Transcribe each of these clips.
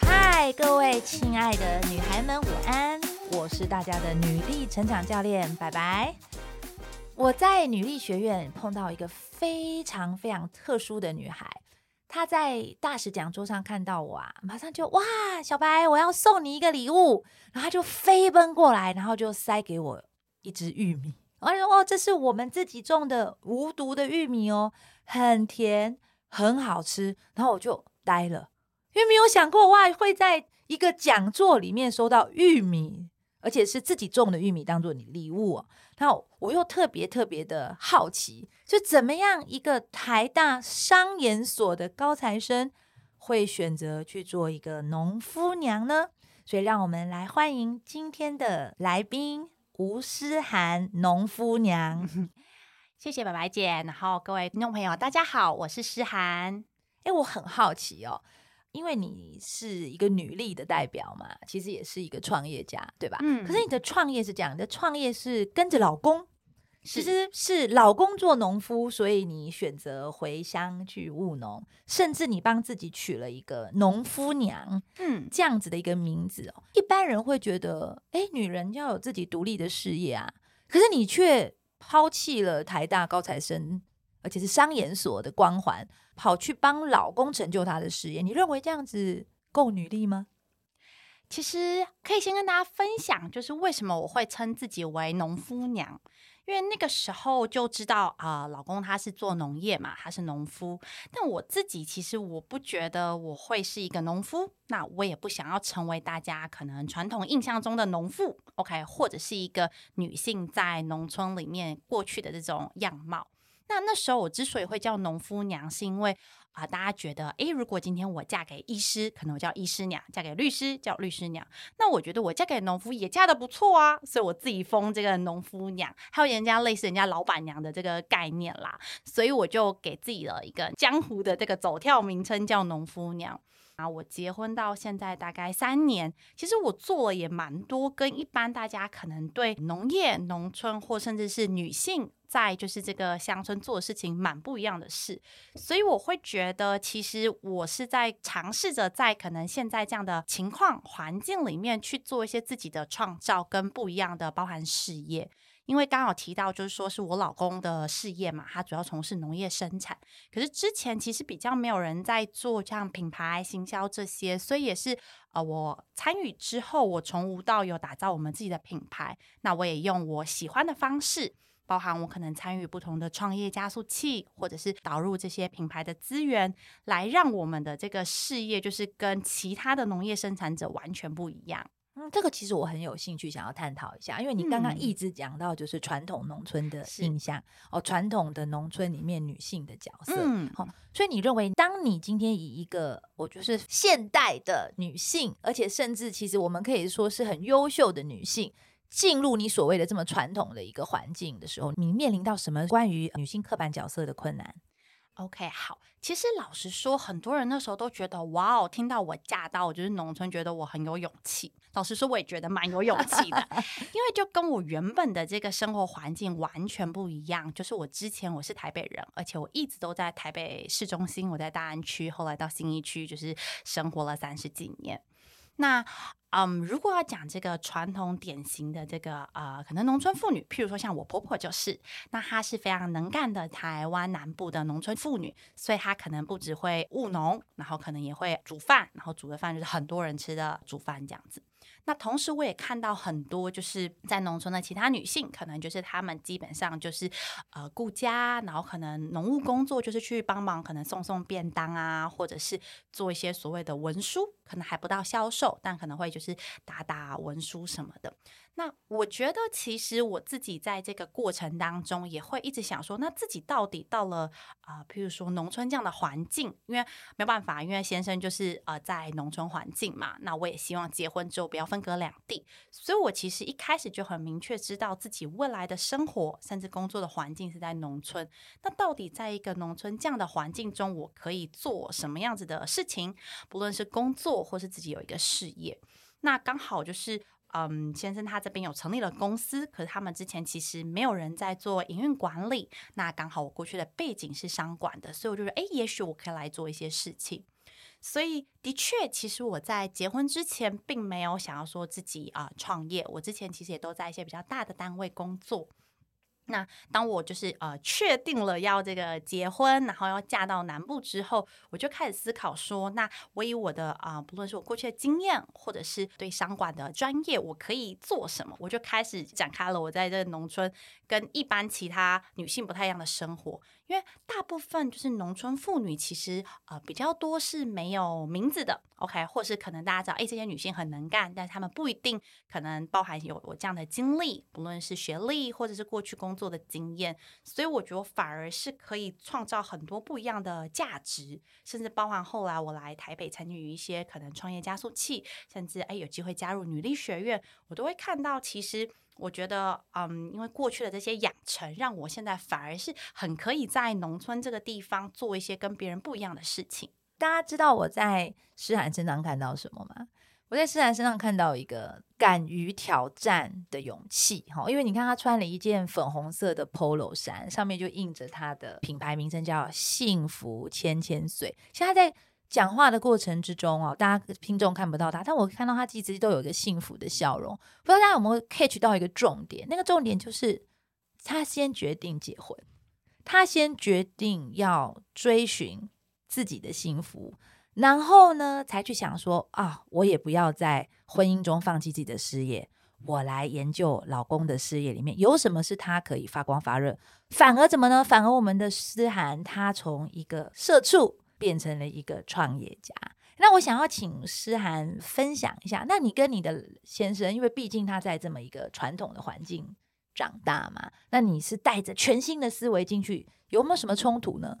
嗨，各位親愛的女孩們，午安！我是大家的女力成長教練，白白！我在女力學院，碰到一個非常非常特殊的女孩，她在大使講桌上看到我啊，馬上就哇，小白，我要送你一個禮物，然後她就飛奔過來，然後就塞給我一隻玉米。然後他說：“哦，這是我們自己種的無毒的玉米哦，很甜，很好吃。”然後我就呆了，因為沒有想過，哇，會在一個講座裡面收到玉米，而且是自己種的玉米當做禮物哦。然後我，我又特別特別的好奇，就怎麼樣一個台大商研所的高材生會選擇去做一個農夫娘呢？所以讓我們來歡迎今天的來賓。吳詩涵，農夫娘， 謝謝白白姐，然後各位聽眾朋友，大家好，我是詩涵。哎、欸，我很好奇哦，因為你是一個女力的代表嘛，其實也是一個創業家，對吧？嗯、可是你的創業是這樣，你的創業是跟着老公。其實是老公做農夫，所以你選擇回鄉去務農，甚至你幫自己取了一個“農夫娘”，嗯，這樣子的一個名字哦。嗯，一般人會覺得，哎，女人要有自己獨立的事業啊。可是你卻拋棄了台大高材生，而且是商研所的光環，跑去幫老公成就他的事業。你認為這樣子夠女力嗎？其實可以先跟大家分享，就是為什麼我會稱自己為“農夫娘”。因為那個時候就知道啊、呃，老公他是做農業嘛，他是農夫。但我自己其實我不覺得我會是一個農夫，那我也不想要成為大家可能傳統印象中的農婦，OK，或者是一個女性在農村裡面過去的這種樣貌。那那時候我之所以會叫農夫娘，是因為啊、呃，大家覺得，誒、欸，如果今天我嫁給醫師，可能我叫醫師娘；嫁給律師叫律師娘。那我覺得我嫁給農夫也嫁得不錯啊，所以我自己封這個農夫娘，還有人家類似人家老闆娘的這個概念啦，所以我就給自己了一個江湖的這個走跳名稱叫農夫娘。啊，我結婚到現在大概三年，其實我做了也蠻多，跟一般大家可能對農業農村或甚至是女性在就是這個鄉村做的事情蠻不一樣的事，所以我會覺得，其實我是在嘗試着在可能現在這樣的情況環境裡面去做一些自己的創造跟不一樣的包含事業。因為剛好提到，就是說是我老公的事業嘛，他主要從事農業生產。可是之前其實比較沒有人在做像品牌行銷這些，所以也是呃，我參與之後，我從無到有打造我們自己的品牌。那我也用我喜歡的方式，包含我可能參與不同的創業加速器，或者是導入這些品牌的資源，來讓我們的這個事業就是跟其他的農業生產者完全不一樣。嗯，這個其實我很有興趣想要探討一下，因為你剛剛一直講到就是傳統農村的印象哦，嗯，哦，傳統的農村裡面女性的角色，嗯，好，哦，所以你認為當你今天以一個我就是現代的女性，而且甚至其實我們可以說是很優秀的女性，進入你所謂的這麼傳統的一個環境的時候，你面臨到什麼關於女性刻板角色的困難？OK，好。其實老實說，很多人那時候都覺得，哇哦，聽到我嫁到就是農村，覺得我很有勇氣。老實說，我也覺得蠻有勇氣的， 因為就跟我原本的這個生活環境完全不一樣。就是我之前我是台北人，而且我一直都在台北市中心，我在大安區，後來到信義區，就是生活了三十幾年。那，嗯，如果要講這個傳統典型的這個呃，可能農村婦女，譬如說像我婆婆就是，那她是非常能幹的台灣南部的農村婦女，所以她可能不只會務農，然後可能也會煮飯，然後煮的飯就是很多人吃的煮飯這樣子。那同時我也看到很多就是在農村的其他女性，可能就是她們基本上就是呃顧家，然後可能農務工作就是去幫忙，可能送送便當啊，或者是做一些所謂的文書。可能還不到銷售，但可能會就是打打文書什麼的。那我覺得，其實我自己在這個過程當中也會一直想說，那自己到底到了啊，呃，譬如說農村這樣的環境，因為沒有辦法，因為先生就是呃在農村環境嘛。那我也希望結婚之後不要分隔兩地，所以我其實一開始就很明確知道自己未來的生活，甚至工作的環境是在農村。那到底在一個農村這樣的環境中，我可以做什麼樣子的事情？不論是工作。或是自己有一個事業，那剛好就是，嗯，先生他這邊有成立了公司，可是他們之前其實沒有人在做營運管理。那剛好我過去的背景是商管的，所以我就說，哎、欸，也許我可以來做一些事情。所以的確，其實我在結婚之前並沒有想要說自己啊創業、呃，我之前其實也都在一些比較大的單位工作。那當我就是呃確定了要這個結婚，然後要嫁到南部之後，我就開始思考說，那我以我的啊、呃，不論是我過去的經驗，或者是對商管的專業，我可以做什麼？我就開始展開了我在這農村跟一般其他女性不太一樣的生活。因為大部分就是農村婦女，其實呃比較多是沒有名字的，OK，或是可能大家知道，哎、欸，這些女性很能幹，但是她們不一定可能包含有我這樣的經歷，不論是學歷或者是過去工作的經驗，所以我覺得我反而是可以創造很多不一樣的價值，甚至包含後來我來台北參與一些可能創業加速器，甚至哎、欸，有機會加入女力學院，我都會看到其實。我覺得，嗯，因為過去的這些養成，讓我現在反而是很可以在農村這個地方做一些跟別人不一樣的事情。大家知道我在詩涵身上看到什麼嗎？我在詩涵身上看到一個敢於挑戰的勇氣，哈，因為你看她穿了一件粉紅色的 Polo 衫，上面就印着她的品牌名稱，叫“幸福千千歲”。現在在。講話的過程之中哦，大家聽眾看不到他，但我看到他其實都有一個幸福的笑容。不知道大家有沒有 catch 到一個重點？那個重點就是，他先決定結婚，他先決定要追尋自己的幸福，然後呢，才去想說啊，我也不要在婚姻中放棄自己的事業，我來研究老公的事業裡面有什麼是他可以發光發熱。反而怎麼呢？反而我們的詩涵，他從一個社畜。變成了一個創業家。那我想要請詩涵分享一下，那你跟你的先生，因為畢竟他在這麼一個傳統的環境長大嘛，那你是帶着全新的思維進去，有沒有什麼衝突呢？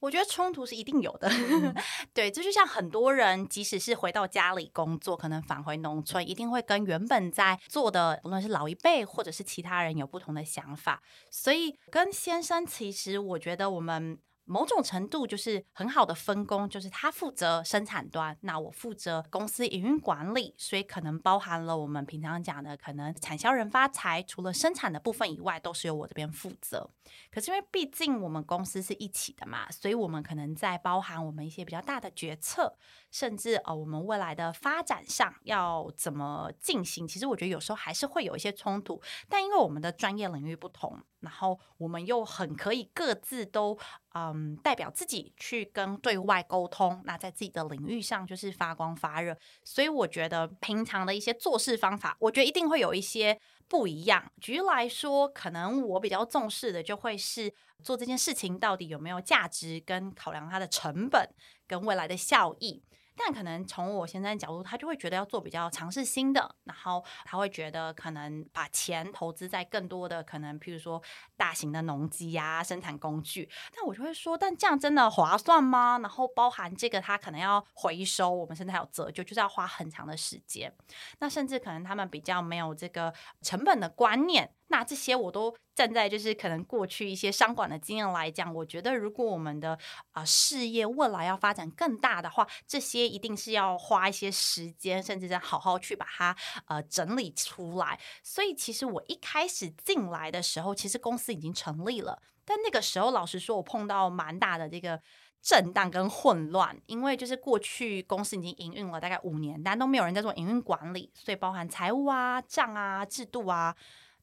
我覺得衝突是一定有的。 對，這就像很多人，即使是回到家裡工作，可能返回農村，一定會跟原本在做的，無論是老一輩或者是其他人有不同的想法。所以跟先生，其實我覺得我們。某種程度就是很好的分工，就是他負責生產端，那我負責公司營運管理，所以可能包含了我們平常講的可能產銷人發財，除了生產的部分以外，都是由我這邊負責。可是因為畢竟我們公司是一起的嘛，所以我們可能在包含我們一些比較大的決策，甚至呃我們未來的發展上要怎麼進行，其實我覺得有時候還是會有一些衝突。但因為我們的專業領域不同，然後我們又很可以各自都。嗯，代表自己去跟對外溝通，那在自己的領域上就是發光發熱。所以我覺得平常的一些做事方法，我覺得一定會有一些不一樣。舉例來說，可能我比較重視的就會是做這件事情到底有沒有價值，跟考量它的成本，跟未來的效益。但可能從我現在的角度，他就會覺得要做比較嘗試新的，然後他會覺得可能把錢投資在更多的可能，譬如說大型的農機呀、啊、生產工具。那我就會說，但這樣真的划算嗎？然後包含這個，他可能要回收，我們甚至還有折舊，就是要花很長的時間。那甚至可能他們比較沒有這個成本的觀念。那這些我都站在就是可能過去一些商管的經驗來講，我覺得如果我們的啊、呃、事業未來要發展更大的話，這些一定是要花一些時間，甚至是好好去把它呃整理出來。所以其實我一開始進來的時候，其實公司已經成立了，但那個時候老實說，我碰到蠻大的這個震盪跟混亂，因為就是過去公司已經營運了大概五年，但都沒有人在做營運管理，所以包含財務啊、賬啊、制度啊。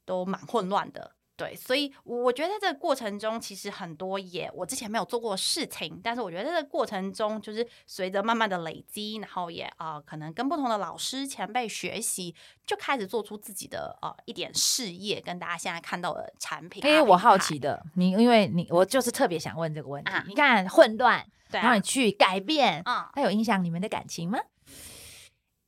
都蠻混亂的，對，所以我覺得在這個過程中，其實很多也我之前沒有做過事情，但是我覺得在這個過程中，就是隨着慢慢的累積，然後也啊、呃，可能跟不同的老師前輩學習，就開始做出自己的呃一點事業，跟大家現在看到的產品。因為我好奇的，你因為你我就是特別想問這個問題。啊、你看混亂對、啊，然後你去改變、嗯，它有影響你們的感情嗎？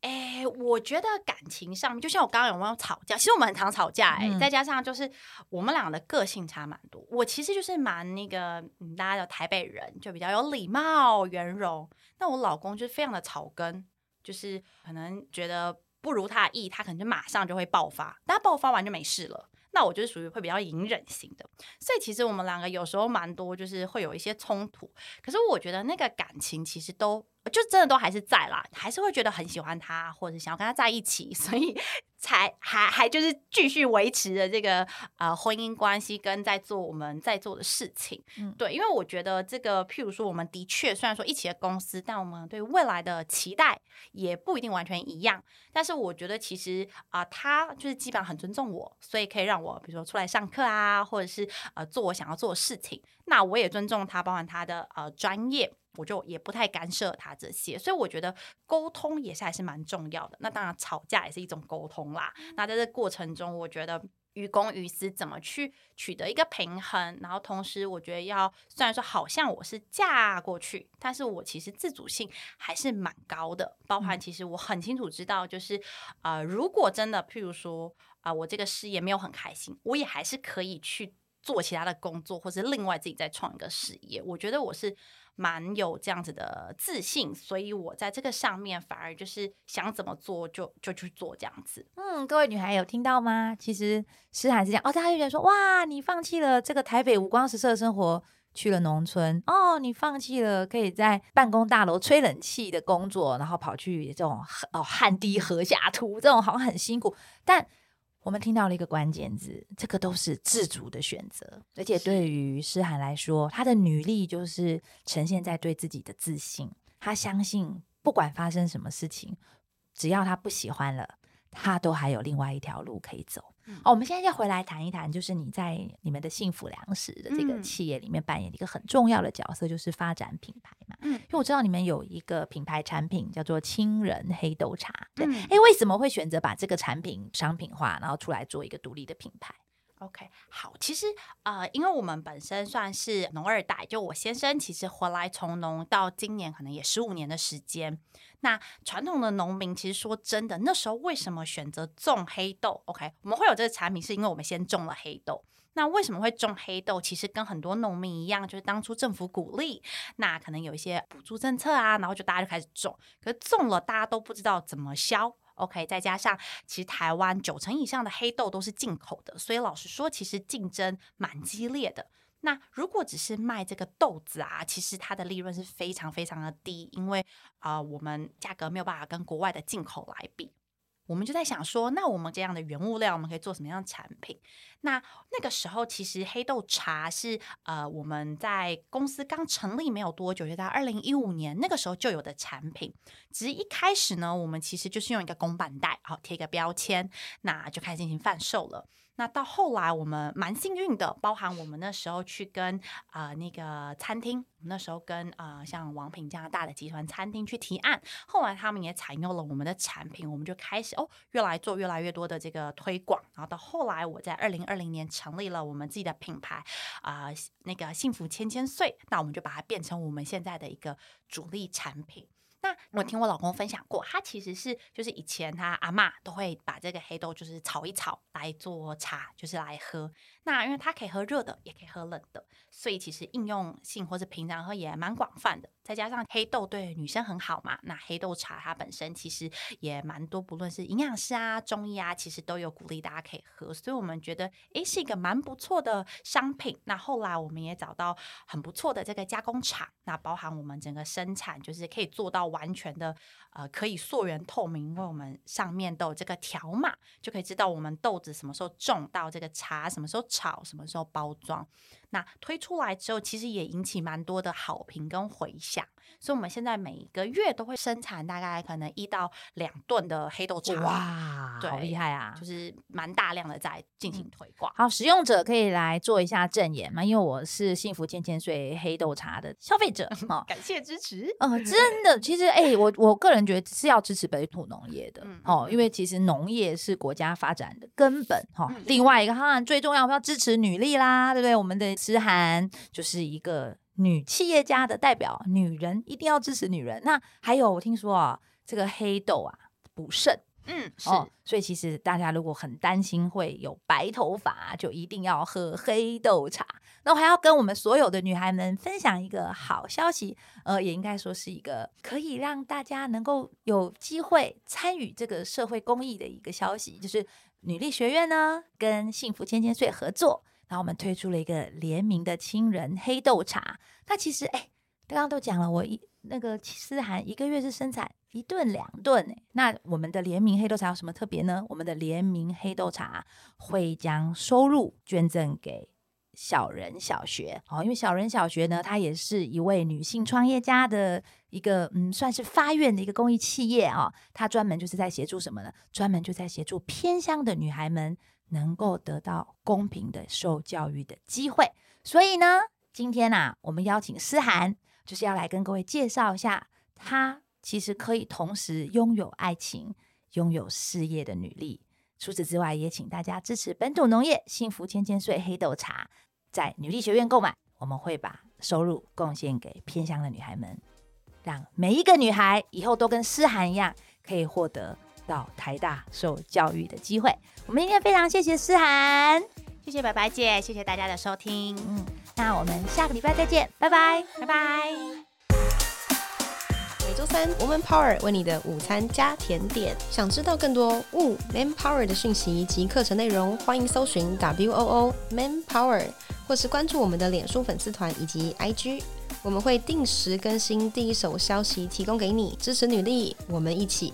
哎、欸，我覺得感情上面，就像我剛剛有沒有吵架？其實我們很常吵架誒、欸、嗯，再加上就是我們兩個的個性差蠻多。我其實就是蠻那個，嗯，大家叫台北人，就比較有禮貌、圓融。那我老公就是非常的草根，就是可能覺得不如他意，他可能就馬上就會爆發。但爆發完就沒事了。那我就是屬於會比較隱忍型的，所以其實我們兩個有時候蠻多，就是會有一些衝突。可是我覺得那個感情其實都，就真的都還是在啦，還是會覺得很喜歡他，或者想要跟他在一起，所以才還還就是繼續維持着這個呃婚姻關係跟在做我們在做的事情。嗯。對，因為我覺得這個，譬如說我們的確雖然說一起的公司，但我們對未來的期待也不一定完全一樣。但是我覺得其實啊，呃，他就是基本上很尊重我，所以可以讓我比如說出來上課啊，或者是呃做我想要做的事情。那我也尊重他，包含他的呃專業。我就也不太干涉他這些，所以我覺得溝通也是還是蠻重要的。那當然，吵架也是一種溝通啦。那在這個過程中，我覺得於公於私怎麼去取得一個平衡，然後同時我覺得要，雖然說好像我是嫁過去，但是我其實自主性還是蠻高的。包含其實我很清楚知道，就是啊、呃，如果真的譬如說啊、呃，我這個事業沒有很開心，我也還是可以去做其他的工作，或是另外自己再創一個事業。我覺得我是。蠻有這樣子的自信，所以我在這個上面反而就是想怎麼做就就去做這樣子。嗯，各位女孩有聽到嗎？其實詩涵是這樣。哦，大家就覺得說，哇，你放棄了這個台北五光十色的生活，去了農村哦，你放棄了可以在辦公大樓吹冷氣的工作，然後跑去這種哦，汗滴禾下土這種好像很辛苦，但。我們聽到了一個關鍵字，這個都是自主的選擇，而且對於詩涵來說，她的女力就是呈現在對自己的自信。她相信，不管發生什麼事情，只要她不喜歡了，她都還有另外一條路可以走。哦，我們現在要回來談一談，就是你在你們的幸福糧食的這個企業裡面扮演一個很重要的角色，就是發展品牌嘛。嗯，因為我知道你們有一個品牌產品叫做青仁黑豆茶，對，哎、嗯欸，為什麼會選擇把這個產品商品化，然後出來做一個獨立的品牌？OK，好，其實呃，因為我們本身算是農二代，就我先生其實回來從農到今年可能也十五年的時間。那傳統的農民其實說真的，那時候為什麼選擇種黑豆？OK，我們會有這個產品是因為我們先種了黑豆。那為什麼會種黑豆？其實跟很多農民一樣，就是當初政府鼓勵，那可能有一些補助政策啊，然後就大家就開始種。可是種了，大家都不知道怎麼銷。OK，再加上其實台灣九成以上的黑豆都是進口的，所以老實說，其實競爭蠻激烈的。那如果只是賣這個豆子啊，其實它的利潤是非常非常的低，因為啊、呃，我們價格沒有辦法跟國外的進口來比。我們就在想說，那我們這樣的原物料，我們可以做什麼樣的產品？那那個時候，其實黑豆茶是呃我們在公司剛成立沒有多久，就在二零一五年那個時候就有的產品。只是一開始呢，我們其實就是用一個公版袋，好貼一個標籤，那就開始進行販售了。那到後來，我們蠻幸運的，包含我們那時候去跟啊、呃、那個餐廳，那時候跟啊、呃、像王品這樣大的集團餐廳去提案，後來他們也採用了我們的產品，我們就開始哦越來做越來越多的這個推廣，然後到後來我在二零二零年成立了我們自己的品牌啊、呃、那個幸福千千歲，那我們就把它變成我們現在的一個主力產品。那我聽我老公分享過，他其實是就是以前他阿嬤都會把這個黑豆就是炒一炒來做茶，就是來喝。那因為他可以喝熱的，也可以喝冷的，所以其實應用性或是平常喝也蠻廣泛的。再加上黑豆對女生很好嘛，那黑豆茶它本身其實也蠻多，不論是營養師啊、中醫啊，其實都有鼓勵大家可以喝，所以我們覺得誒、欸、是一個蠻不錯的商品。那後來我們也找到很不錯的這個加工廠，那包含我們整個生產就是可以做到完全的呃可以溯源透明，因為我們上面都有這個條碼，就可以知道我們豆子什麼時候種，到這個茶什麼時候炒，什麼時候包裝。那推出來之後，其實也引起蠻多的好評跟回響。所以，我們現在每個月都會生產大概可能一到兩噸的黑豆茶，哇，好厲害啊！就是蠻大量的在進行推廣、嗯。好，使用者可以來做一下證言嗎？因為我是幸福千千歲黑豆茶的消費者，哦，感謝支持。嗯，真的，其實哎、欸，我我個人覺得是要支持本土農業的、嗯，哦，因為其實農業是國家發展的根本，哦，嗯、另外一個哈，最重要，我們要支持女力啦，對不對？我們的詩涵就是一個女企業家的代表，女人一定要支持女人。那還有，我聽說啊、哦，這個黑豆啊，補腎，嗯，是、哦。所以其實大家如果很擔心會有白頭髮，就一定要喝黑豆茶。那我還要跟我們所有的女孩們分享一個好消息，呃，也應該說是一個可以讓大家能夠有機會參與這個社會公益的一個消息，就是女力學院呢跟幸福千千歲合作。然後我們推出了一個聯名的青仁黑豆茶，那其實哎，剛剛都講了，我一那個詩涵一個月是生產一頓兩頓，那我們的聯名黑豆茶有什麼特別呢？我們的聯名黑豆茶會將收入捐贈給小人小學哦，因為小人小學呢，它也是一位女性創業家的一個嗯，算是發願的一個公益企業哦，它專門就是在協助什麼呢？專門就在協助偏鄉的女孩們。能夠得到公平的受教育的機會，所以呢，今天啊，我們邀請詩涵，就是要來跟各位介紹一下，她其實可以同時擁有愛情、擁有事業的女力。除此之外，也請大家支持本土農業幸福千千歲黑豆茶，在女力學院購買，我們會把收入貢獻給偏鄉的女孩們，讓每一個女孩以後都跟詩涵一樣，可以獲得。到台大受教育的機會，我們今天非常謝謝詩涵，謝謝白白姐，謝謝大家的收聽。嗯，那我們下個禮拜再見，嗯、拜拜拜拜。每周三，Woman Power 為你的午餐加甜點。想知道更多 w、哦、m a n Power 的訊息及課程內容，歡迎搜尋 W O O Man Power，或是關注我們的臉書粉絲團以及 I G，我們會定時更新第一手消息，提供給你。支持女力，我們一起。